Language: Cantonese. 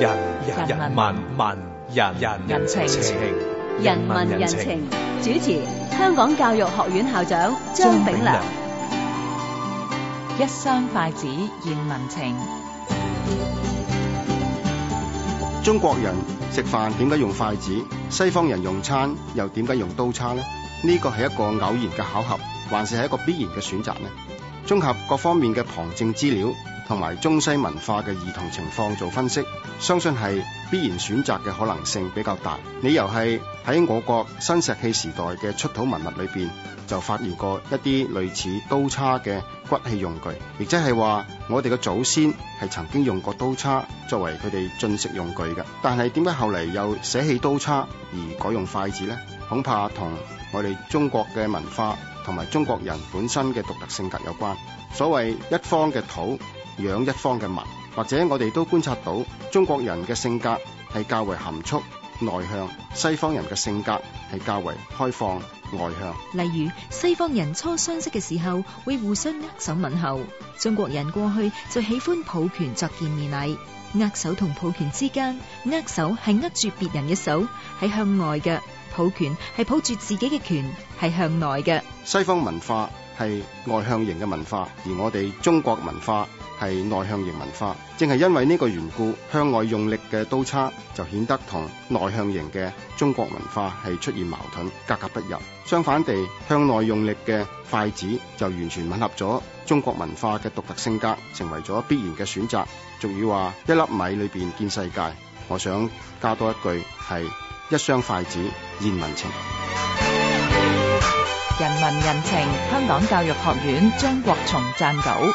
人人人民民人人情情，人民人情。主持：香港教育學院校長張炳良。一雙筷子言民情。中國人食飯點解用筷子？西方人用餐又點解用刀叉呢？呢個係一個偶然嘅巧合，還是係一個必然嘅選擇呢？綜合各方面嘅旁證資料同埋中西文化嘅異同情況做分析，相信係必然選擇嘅可能性比較大。理由係喺我國新石器時代嘅出土文物裏面，就發現過一啲類似刀叉嘅骨器用具，亦即係話我哋嘅祖先係曾經用過刀叉作為佢哋進食用具嘅。但係點解後嚟又捨棄刀叉而改用筷子呢？恐怕同我哋中國嘅文化同埋中國人本身嘅獨特性格有關。所謂一方嘅土養一方嘅民，或者我哋都觀察到中國人嘅性格係較為含蓄內向，西方人嘅性格係較為開放外向。例如，西方人初相識嘅時候會互相握手問候，中國人過去就喜歡抱拳作見面禮。握手同抱拳之間，握手係握住別人嘅手，係向外嘅；抱拳係抱住自己嘅拳，係向內嘅。西方文化係外向型嘅文化，而我哋中國文化係內向型文化。正係因為呢個緣故，向外用力嘅刀叉就顯得同內向型嘅中國文化係出現矛盾，格格不入。相反地，向內用力嘅筷子就完全吻合咗中國文化嘅獨特性格，成為咗必然嘅選擇。俗語話一粒米裏邊見世界，我想加多一句係一雙筷子見民情。人民人情，香港教育學院張國松撰稿。